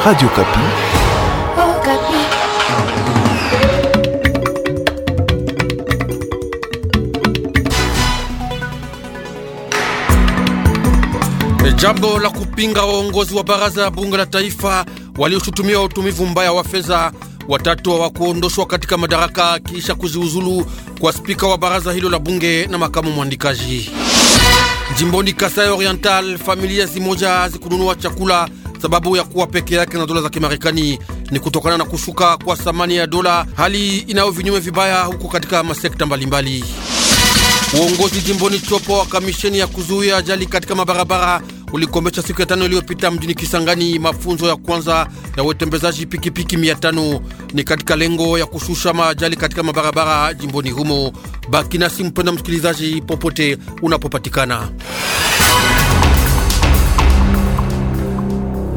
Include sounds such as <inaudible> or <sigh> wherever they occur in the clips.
Radio Kapi. Oh, Kapi. Jambo la kupinga waongozi wa baraza la bunge la taifa walioshutumiwa utumivu mbaya wa fedha watatu kuondoshwa katika madaraka kisha kuziuzulu kwa spika wa baraza hilo la bunge na makamu mwandikaji. Jimboni Kasai Oriental, familia zimoja zikununua chakula sababu ya kuwa peke yake na dola za Kimarekani ni kutokana na kushuka kwa thamani ya dola, hali inayo vinyume vibaya huko katika masekta mbalimbali. Uongozi jimboni Chopo wa kamisheni ya kuzuia ajali katika mabarabara ulikomesha siku ya tano iliyopita mjini Kisangani mafunzo ya kwanza ya wetembezaji pikipiki mia tano ni katika lengo ya kushusha maajali katika mabarabara jimboni humo. Baki nasi mpenda msikilizaji, popote unapopatikana.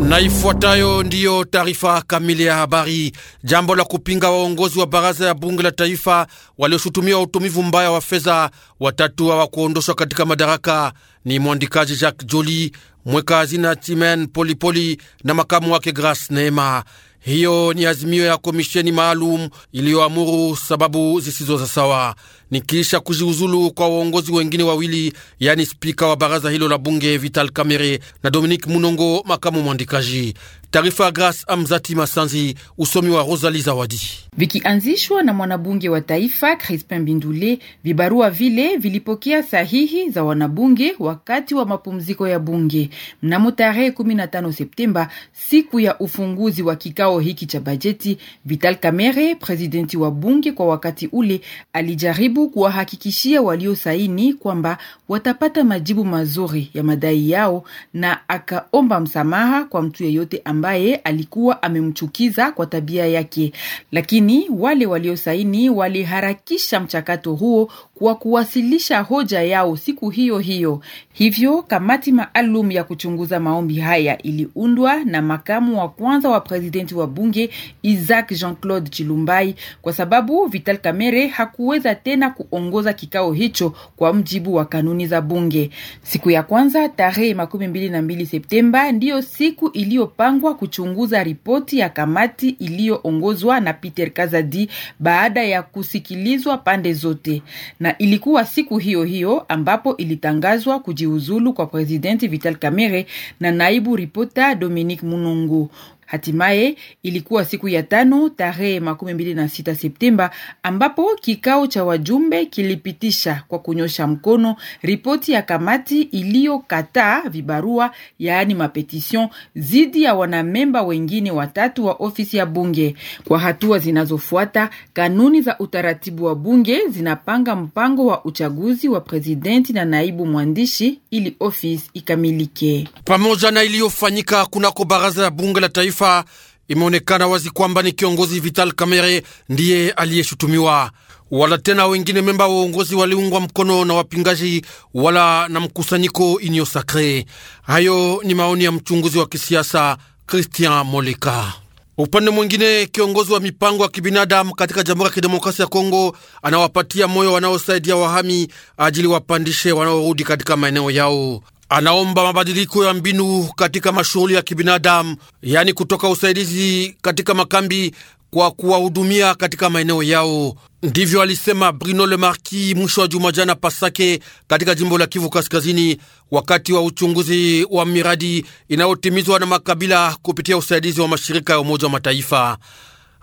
Na ifuatayo ndiyo taarifa kamili ya habari. Jambo la kupinga waongozi wa baraza ya bunge la taifa walioshutumiwa utumivu mbaya wa fedha watatu hawakuondoshwa katika madaraka ni mwandikaji Jacques Joli, mweka hazina Timen Polipoli na makamu wake Grace Neema. Hiyo ni azimio ya komisheni maalum iliyoamuru sababu zisizo za sawa, ni kisha kujiuzulu kwa waongozi wengine wawili, yani spika wa baraza hilo la bunge Vital Kamerhe na Dominique Munongo, makamu mwandikaji. Taarifa Gras Amzati Masanzi, usomi wa Rosali Zawadi. Vikianzishwa na mwanabunge wa taifa Crispin Bindule, vibarua vile vilipokea sahihi za wanabunge wakati wa mapumziko ya bunge mnamo tarehe 15 Septemba, siku ya ufunguzi wa kikao hiki cha bajeti. Vital Kamerhe, presidenti wa bunge kwa wakati ule, alijaribu kuwahakikishia waliosaini kwamba watapata majibu mazuri ya madai yao na akaomba msamaha kwa mtu yeyote ambaye alikuwa amemchukiza kwa tabia yake, lakini wale waliosaini waliharakisha mchakato huo kwa kuwasilisha hoja yao siku hiyo hiyo. Hivyo kamati maalum ya kuchunguza maombi haya iliundwa na makamu wa kwanza wa presidenti wa bunge Isaac Jean-Claude Chilumbai kwa sababu Vital Kamerhe hakuweza tena kuongoza kikao hicho kwa mjibu wa kanuni za bunge. Siku ya kwanza tarehe makumi mbili na mbili Septemba ndiyo siku iliyopangwa kuchunguza ripoti ya kamati iliyoongozwa na Peter Kazadi baada ya kusikilizwa pande zote, na ilikuwa siku hiyo hiyo ambapo ilitangazwa kujiuzulu kwa Presidenti Vital Kamerhe na naibu ripota Dominique Munungu. Hatimaye ilikuwa siku ya tano tarehe makumi mbili na sita Septemba ambapo kikao cha wajumbe kilipitisha kwa kunyosha mkono ripoti ya kamati iliyokataa vibarua, yaani mapetisyon dhidi ya wanamemba wengine watatu wa ofisi ya bunge. Kwa hatua zinazofuata, kanuni za utaratibu wa bunge zinapanga mpango wa uchaguzi wa prezidenti na naibu mwandishi ili ofisi ikamilike pamoja na iliyofanyika kunako baraza ya bunge la taifa kimataifa, imeonekana wazi kwamba ni kiongozi Vital Kamerhe ndiye aliyeshutumiwa. Wala tena wengine memba wa uongozi waliungwa mkono na wapingaji wala na mkusanyiko Union Hayo ni maoni ya mchunguzi wa kisiasa Christian Moleka. Upande mwingine, kiongozi wa mipango ya kibinadamu katika Jamhuri ya Kidemokrasia ya Kongo anawapatia moyo wanaosaidia wahami ajili wapandishe wanaorudi katika maeneo yao anaomba mabadiliko ya mbinu katika mashughuli ya kibinadamu, yaani kutoka usaidizi katika makambi kwa kuwahudumia katika maeneo yao. Ndivyo alisema Bruno Le Marquis mwisho wa juma jana Pasake, katika jimbo la Kivu Kaskazini, wakati wa uchunguzi wa miradi inayotimizwa na makabila kupitia usaidizi wa mashirika ya Umoja wa Mataifa.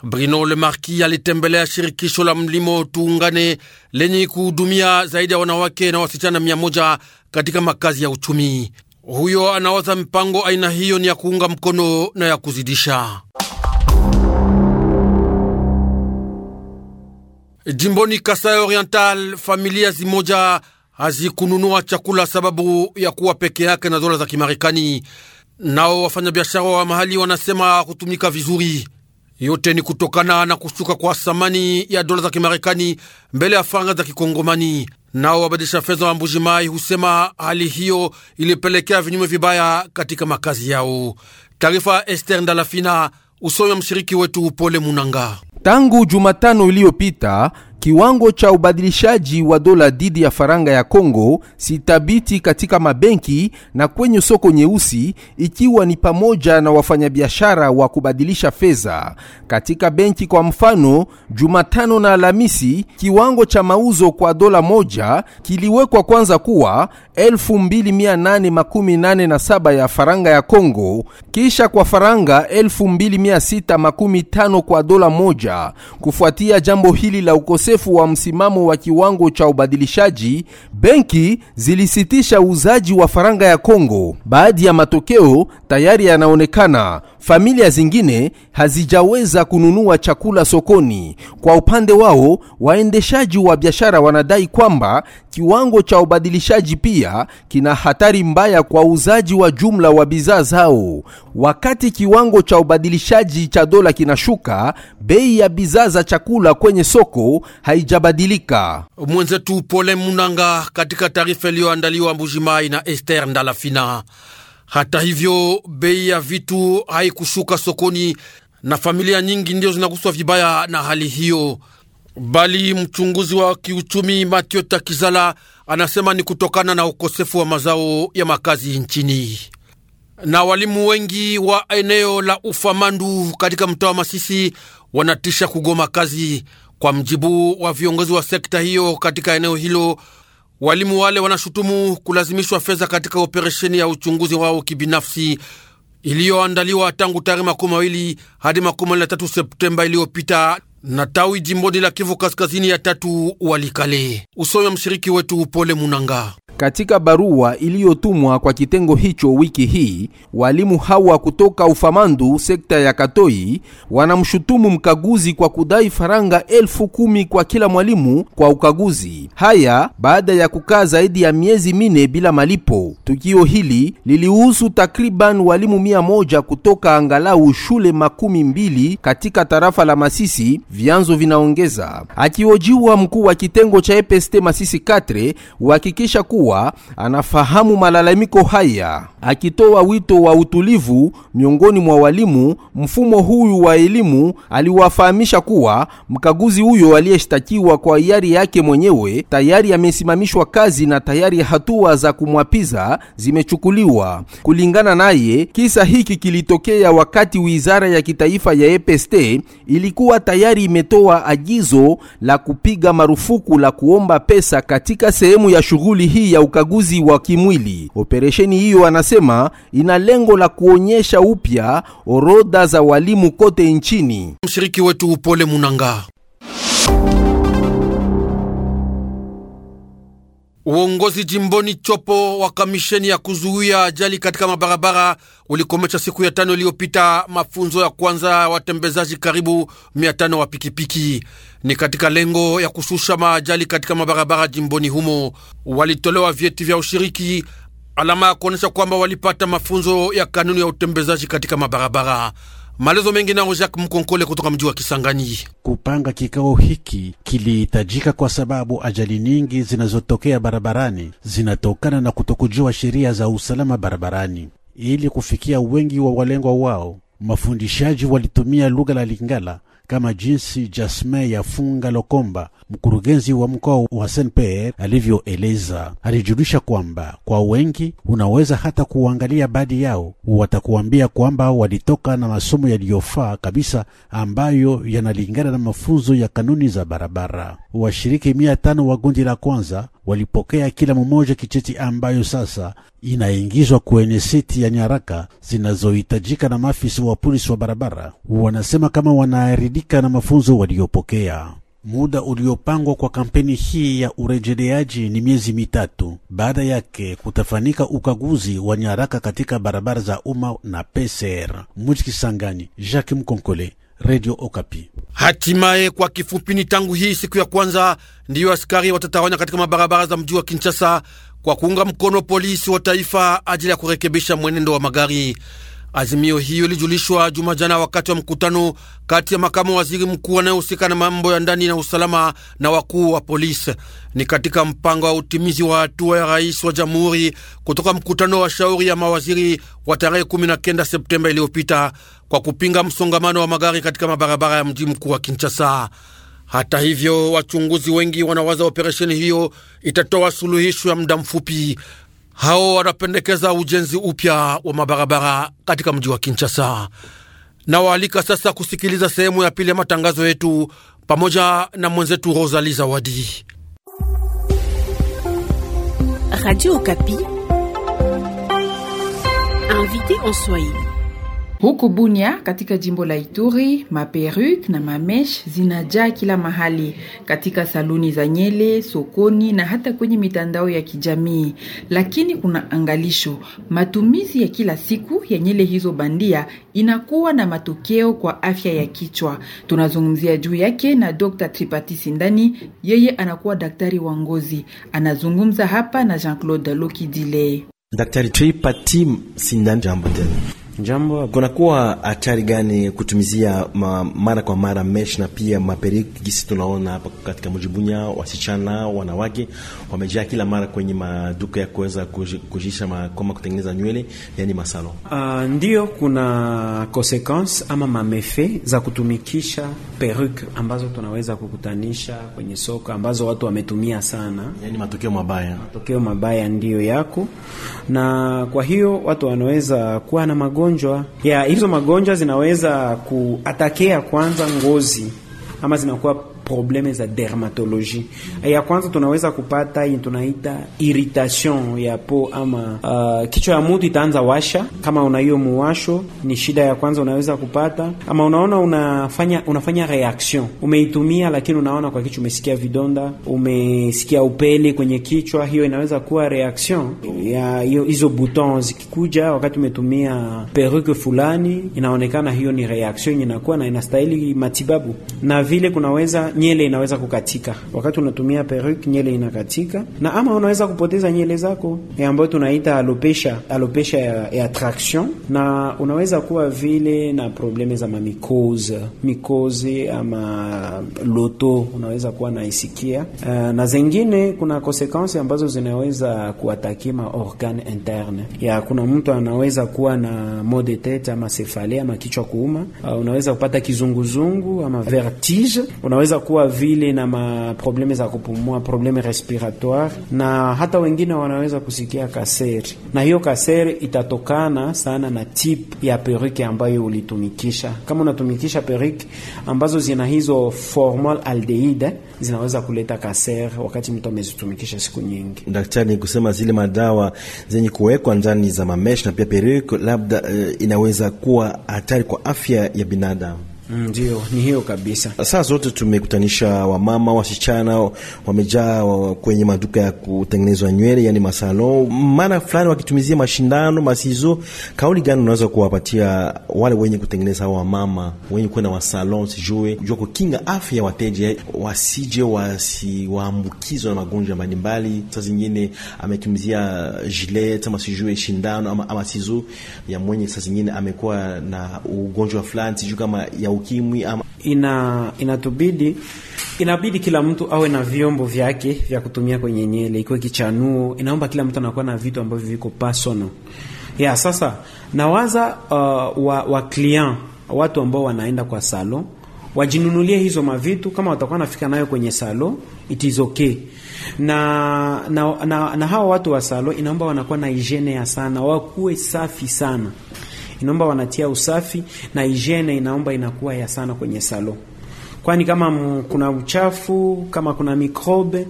Bruno Le Marquis alitembelea shirikisho la mlimo Tuungane lenye kuhudumia zaidi ya wanawake na wasichana mia moja katika makazi ya uchumi. Huyo anawaza mpango aina hiyo ni ya kuunga mkono na ya kuzidisha. Jimboni Kasai Oriental, familia zimoja hazikununua chakula sababu ya kuwa peke yake na dola za Kimarekani. Nao wafanyabiashara wa mahali wanasema kutumika vizuri. Yote ni kutokana na kushuka kwa thamani ya dola za Kimarekani mbele ya faranga za Kikongomani. Nao wabadilisha fedha wa mai husema hali hiyo ilipelekea vinyume vibaya katika makazi yao. Taarifa Ester Ndalafina, usomi wa mshiriki wetu Upole Munanga. Tangu Jumatano iliyopita Kiwango cha ubadilishaji wa dola dhidi ya faranga ya Kongo si thabiti katika mabenki na kwenye soko nyeusi, ikiwa ni pamoja na wafanyabiashara wa kubadilisha fedha katika benki. Kwa mfano, Jumatano na Alhamisi, kiwango cha mauzo kwa dola moja kiliwekwa kwanza kuwa 2887 ya faranga ya Kongo, kisha kwa faranga 2615 kwa dola moja. Kufuatia jambo hili la ukose ukosefu wa msimamo wa kiwango cha ubadilishaji, benki zilisitisha uuzaji wa faranga ya Kongo. Baadhi ya matokeo tayari yanaonekana familia zingine hazijaweza kununua chakula sokoni. Kwa upande wao, waendeshaji wa biashara wanadai kwamba kiwango cha ubadilishaji pia kina hatari mbaya kwa uuzaji wa jumla wa bidhaa zao. Wakati kiwango cha ubadilishaji cha dola kinashuka, bei ya bidhaa za chakula kwenye soko haijabadilika. Mwenzetu Pole Munanga katika taarifa iliyoandaliwa Mbujimai na Esther Ndalafina. Hata hivyo, bei ya vitu haikushuka sokoni na familia nyingi ndiyo zinaguswa vibaya na hali hiyo, bali mchunguzi wa kiuchumi Matio Takizala anasema ni kutokana na ukosefu wa mazao ya makazi nchini na walimu wengi wa eneo la Ufamandu katika mtaa wa Masisi wanatisha kugoma kazi. Kwa mjibu wa viongozi wa sekta hiyo katika eneo hilo, Walimu wale wanashutumu kulazimishwa fedha katika operesheni ya uchunguzi wao kibinafsi iliyoandaliwa tangu tarehe makumi mawili hadi makumi na tatu Septemba iliyopita na tawi jimboni la Kivu Kaskazini ya tatu Walikale. Usome mshiriki wetu Pole Munanga. Katika barua iliyotumwa kwa kitengo hicho wiki hii, walimu hawa kutoka Ufamandu sekta ya Katoi wanamshutumu mkaguzi kwa kudai faranga elfu kumi kwa kila mwalimu kwa ukaguzi. Haya baada ya kukaa zaidi ya miezi mine bila malipo. Tukio hili lilihusu takriban walimu mia moja kutoka angalau shule makumi mbili katika tarafa la Masisi, vyanzo vinaongeza. Akiojiwa mkuu wa kitengo cha EPST Masisi Katre uhakikisha kuwa kuwa anafahamu malalamiko haya, akitoa wito wa utulivu miongoni mwa walimu. Mfumo huyu wa elimu aliwafahamisha kuwa mkaguzi huyo aliyeshtakiwa kwa hiari yake mwenyewe tayari amesimamishwa kazi na tayari hatua za kumwapiza zimechukuliwa. Kulingana naye, kisa hiki kilitokea wakati wizara ya kitaifa ya EPST ilikuwa tayari imetoa agizo la kupiga marufuku la kuomba pesa katika sehemu ya shughuli hii ya ukaguzi wa kimwili. Operesheni hiyo, anasema, ina lengo la kuonyesha upya orodha za walimu kote nchini. Mshiriki wetu Upole Munanga Uongozi jimboni Chopo wa kamisheni ya kuzuia ajali katika mabarabara ulikomesha siku ya tano iliyopita mafunzo ya kwanza ya watembezaji karibu mia tano wa pikipiki. Ni katika lengo ya kushusha maajali katika mabarabara jimboni humo. Walitolewa vyeti vya ushiriki, alama ya kuonyesha kwamba walipata mafunzo ya kanuni ya utembezaji katika mabarabara. Maelezo mengi nao Jacques Mkonkole kutoka mji wa Kisangani. Kupanga kikao hiki kilihitajika kwa sababu ajali nyingi zinazotokea barabarani zinatokana na kutokujua sheria za usalama barabarani. Ili kufikia wengi wa walengwa wao, mafundishaji walitumia lugha la Lingala kama jinsi Jasme Yafunga Lokomba, mkurugenzi wa mkoa wa Saint Pierre alivyoeleza. Alijulisha kwamba kwa wengi unaweza hata kuangalia baadhi yao watakuambia kwamba walitoka na masomo yaliyofaa kabisa ambayo yanalingana na mafunzo ya kanuni za barabara. Washiriki mia tano wa gundi la kwanza walipokea kila mmoja kicheti ambayo sasa inaingizwa kwenye seti ya nyaraka zinazohitajika na maafisa wa polisi wa barabara. Wanasema kama wanaaridika na mafunzo waliopokea. Muda uliopangwa kwa kampeni hii ya urejeleaji ni miezi mitatu. Baada yake kutafanika ukaguzi wa nyaraka katika barabara za umma na PCR. Mujikisangani, Jacques Mkonkole, Radio Okapi. Hatimaye, kwa kifupi, ni tangu hii siku ya kwanza ndiyo askari watatawanya katika mabarabara za mji wa Kinshasa kwa kuunga mkono polisi wa taifa ajili ya kurekebisha mwenendo wa magari. Azimio hiyo ilijulishwa juma jana wakati wa mkutano kati ya makamu waziri mkuu anayehusika na mambo ya ndani na usalama na wakuu wa polisi. Ni katika mpango wa utimizi wa hatua ya rais wa jamhuri kutoka mkutano wa shauri ya mawaziri wa tarehe 19 Septemba iliyopita kwa kupinga msongamano wa magari katika mabarabara ya mji mkuu wa Kinshasa. Hata hivyo, wachunguzi wengi wanawaza operesheni hiyo itatoa suluhisho ya muda mfupi. Hao wanapendekeza ujenzi upya wa mabarabara katika mji wa Kinshasa. Nawaalika sasa kusikiliza sehemu ya pili ya matangazo yetu pamoja na mwenzetu Rosali Zawadi. Radio Okapi invité en Swahili Huku Bunia katika jimbo la Ituri, maperuk na mamesh zinajaa kila mahali, katika saluni za nyele, sokoni na hata kwenye mitandao ya kijamii. Lakini kuna angalisho, matumizi ya kila siku ya nyele hizo bandia inakuwa na matokeo kwa afya ya kichwa. Tunazungumzia juu yake na Dr. Tripati Sindani, yeye anakuwa daktari wa ngozi. Anazungumza hapa na Jean-Claude Lokidile. Daktari Tripati Sindani, jambo tena. Jambo, kunakuwa hatari gani kutumizia ma, mara kwa mara mesh na pia maperiki? Gisi tunaona hapa katika mjibunya, wasichana wanawake wamejaa kila mara kwenye maduka ya kuweza kujisha makoma kutengeneza nywele, yani masalo. Uh, ndio kuna consequence ama mamefe za kutumikisha peruke ambazo tunaweza kukutanisha kwenye soko ambazo watu wametumia sana, yani matokeo mabaya, matokeo mabaya ndiyo yako, na kwa hiyo watu wanaweza kuwa na magonjwa ya hizo. Magonjwa zinaweza kuatakea kwanza ngozi ama zinakuwa probleme za Mm -hmm. Ya kwanza tunaweza kupata hii tunaita irritation ya po ama uh, kichwa ya mtu itaanza washa. Kama una hiyo muwasho, ni shida ya kwanza unaweza kupata, ama unaona unafanya unafanya reaction, umeitumia lakini unaona kwa kichwa umesikia vidonda, umesikia upele kwenye kichwa, hiyo inaweza kuwa reaction ya hiyo hizo boutons zikikuja wakati umetumia peruke fulani, inaonekana hiyo ni reaction inakuwa na inastahili matibabu, na vile kunaweza nyele inaweza kukatika wakati unatumia peruke, nyele inakatika, na ama unaweza kupoteza nyele zako eh, ambayo tunaita alopecia, alopecia ya, ya traction, na unaweza kuwa vile na probleme za mamikoze mikoze ama loto unaweza kuwa naisikia. Uh, eh, na zengine kuna konsekansi ambazo zinaweza kuatakima ma organe interne ya kuna mtu anaweza kuwa na maux de tete ama sefale ama kichwa kuuma. Uh, unaweza kupata kizunguzungu ama vertige, unaweza kuwa vile na maprobleme za kupumua, probleme respiratoire, na hata wengine wanaweza kusikia kaseri, na hiyo kaseri itatokana sana na tip ya perike ambayo ulitumikisha. Kama unatumikisha perike ambazo zina hizo formal aldehyde zinaweza kuleta kaseri wakati mtu amezitumikisha siku nyingi. Daktari, ni kusema zile madawa zenye kuwekwa ndani za mamesh na pia perike labda, uh, inaweza kuwa hatari kwa afya ya binadamu. Mm, ndio, ni hiyo kabisa. Saa zote tumekutanisha wamama, wasichana wamejaa wa kwenye maduka ya kutengenezwa nywele, yani masalo, maana fulani wakitumizia mashindano masizo. Kauli gani unaweza kuwapatia wale wenye kutengeneza, wamama wenye kwenda wasalon, sijue jua kukinga afya ya wateja, eh, wasije wasiwaambukizwa na magonjwa mbalimbali. Saa zingine ametumizia jilet ama sijue shindano ama, ama sizo ya mwenye, saa zingine amekuwa na ugonjwa fulani sijue kama ya ukimwi ama ina inatubidi inabidi kila mtu awe na vyombo vyake vya kutumia kwenye nyele, ikiwe kichanuo. Inaomba kila mtu anakuwa na vitu ambavyo viko personal ya yeah. Sasa nawaza uh, wa, wa client watu ambao wanaenda kwa salo wajinunulie hizo mavitu, kama watakuwa nafika nayo kwenye salo it is okay. Na, na, na, na hao watu wa salo inaomba wanakuwa na hygiene ya sana, wakuwe safi sana inaomba wanatia usafi na hygiene inaomba inakuwa ya sana kwenye salon kwani kama kuna uchafu kama kuna mikrobe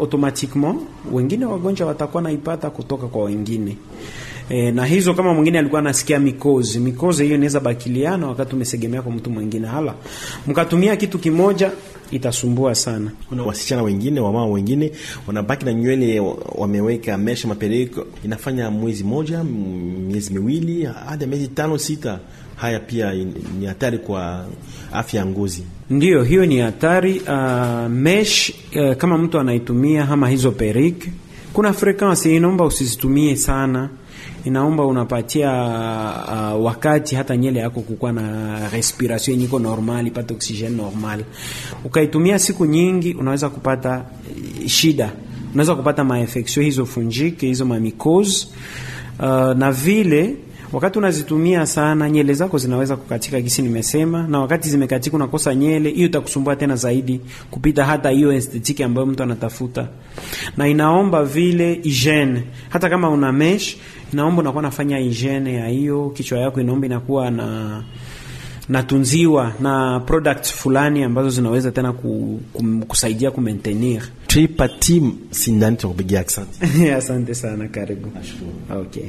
automatiquement wengine wagonjwa watakuwa naipata kutoka kwa wengine e, na hizo kama mwingine alikuwa anasikia mikozi mikozi hiyo inaweza bakiliana wakati umesegemea kwa mtu mwingine hala mkatumia kitu kimoja itasumbua sana. Kuna wasichana wengine, wamama wengine wanabaki na nywele wameweka mesha mapereko, inafanya mwezi moja, miezi miwili, hadi miezi tano sita. Haya pia ni hatari kwa afya ya ngozi. Ndiyo, hiyo ni hatari. Uh, mesh uh, kama mtu anaitumia ama hizo perik kuna frequency inaomba usizitumie sana, inaomba unapatia uh, wakati hata nyele yako kukuwa na respiration yenye iko normal, ipate oxygen normal. Ukaitumia siku nyingi, unaweza kupata eh, shida, unaweza kupata mainfection hizo fungi, hizo mamikozi uh, na vile Wakati unazitumia sana, nyele zako zinaweza kukatika gisi nimesema, na wakati zimekatika unakosa nyele, hiyo itakusumbua tena zaidi kupita hata hiyo estetiki ambayo mtu anatafuta, na inaomba vile hygiene. Hata kama una mesh, inaomba unakuwa nafanya hygiene ya hiyo kichwa yako, inaomba inakuwa na natunziwa na products fulani ambazo zinaweza tena ku, ku, kusaidia ku maintainir tripati sindani. Tukupigia asante. <laughs> Asante sana, karibu. Okay.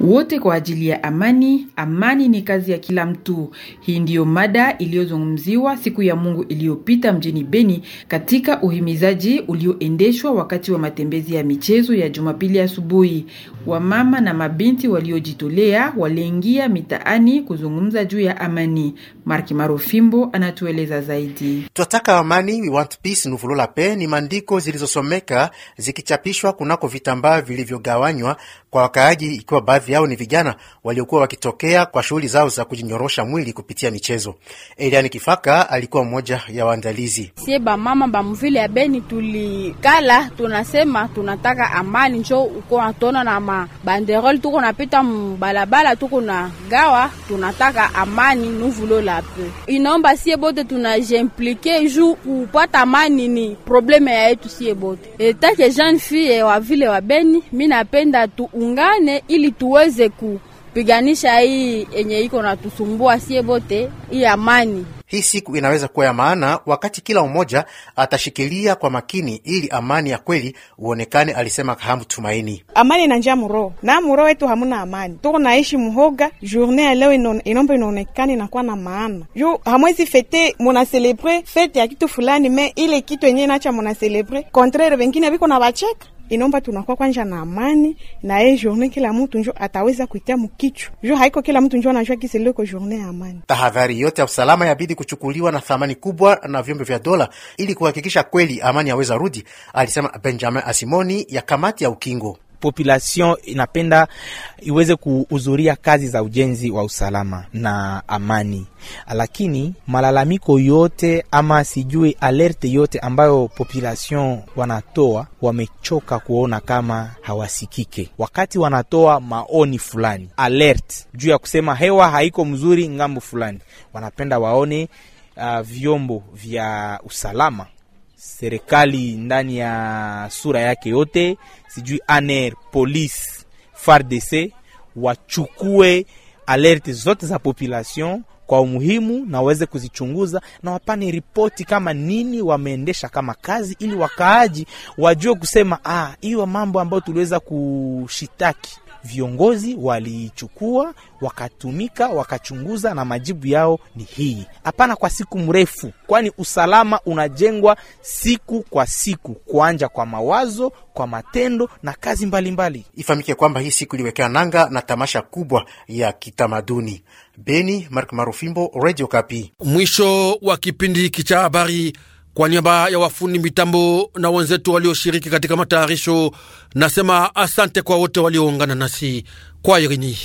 wote kwa ajili ya amani. Amani ni kazi ya kila mtu. Hii ndiyo mada iliyozungumziwa siku ya Mungu iliyopita mjini Beni katika uhimizaji ulioendeshwa wakati wa matembezi ya michezo ya Jumapili asubuhi. Wamama na mabinti waliojitolea waliingia mitaani kuzungumza juu ya amani. Mark Marofimbo anatueleza zaidi. Twataka amani, we want peace, nuvulola pe ni maandiko zilizosomeka zikichapishwa kunako vitambaa vilivyogawanywa kwa wakaaji, ikiwa baadhi yao ni vijana waliokuwa wakitokea kwa shughuli zao za kujinyorosha mwili kupitia michezo. Eliani Kifaka alikuwa mmoja ya waandalizi. Sie bamama bamvile ya Beni tulikala tunasema tunataka amani, njo uko natona na mabanderole tuko napita mbalabala tuko na gawa tunataka amani nuvulo lape inaomba sie bote tunajimplike ju kupata amani ni probleme ya yetu sie bote etake jeune fille wa vile wa Beni, mi napenda tuungane ili tu tuweze kupiganisha hii yenye iko na tusumbua sie bote, hii amani. Hii siku inaweza kuwa ya maana wakati kila mmoja atashikilia kwa makini, ili amani ya kweli uonekane, alisema Kahamu Tumaini. Amani na inanja muroo na muroo wetu hamuna amani, tuko naishi muhoga. Journe ya leo inomba inaonekane inakuwa na maana juu hamwezi fete, muna celebre fete ya kitu fulani, me ile kitu enye inacha celebre kontrere, vengine viko na vacheka inomba tunakuwa kwanja na amani na ye journée, kila mtu njo ataweza kuitia mukichwa ju haiko kila mtu njo anajua kiseleko liko ya amani. Tahadhari yote ya usalama yabidi kuchukuliwa na thamani kubwa na vyombe vya dola ili kuhakikisha kweli amani yaweza rudi, alisema Benjamin Asimoni ya kamati ya ukingo population inapenda iweze kuhudhuria kazi za ujenzi wa usalama na amani, lakini malalamiko yote ama sijui alerte yote ambayo population wanatoa, wamechoka kuona kama hawasikike. Wakati wanatoa maoni fulani alert juu ya kusema hewa haiko mzuri ngambo fulani, wanapenda waone uh, vyombo vya usalama serikali ndani ya sura yake yote, sijui ANR, police FARDC wachukue alerte zote za population kwa umuhimu na waweze kuzichunguza na wapane ripoti kama nini wameendesha kama kazi, ili wakaaji wajue kusema ah, hiyo mambo ambayo tuliweza kushitaki viongozi waliichukua wakatumika, wakachunguza, na majibu yao ni hii hapana, kwa siku mrefu, kwani usalama unajengwa siku kwa siku, kuanja kwa mawazo, kwa matendo na kazi mbalimbali. Ifahamike kwamba hii siku iliwekea nanga na tamasha kubwa ya kitamaduni Beni. Mark Marufimbo, Radio Kapi. Mwisho wa kipindi hiki cha habari. Kwa niaba ya wafundi mitambo na wenzetu walioshiriki katika matayarisho, nasema asante kwa wote walioungana nasi kwa irini.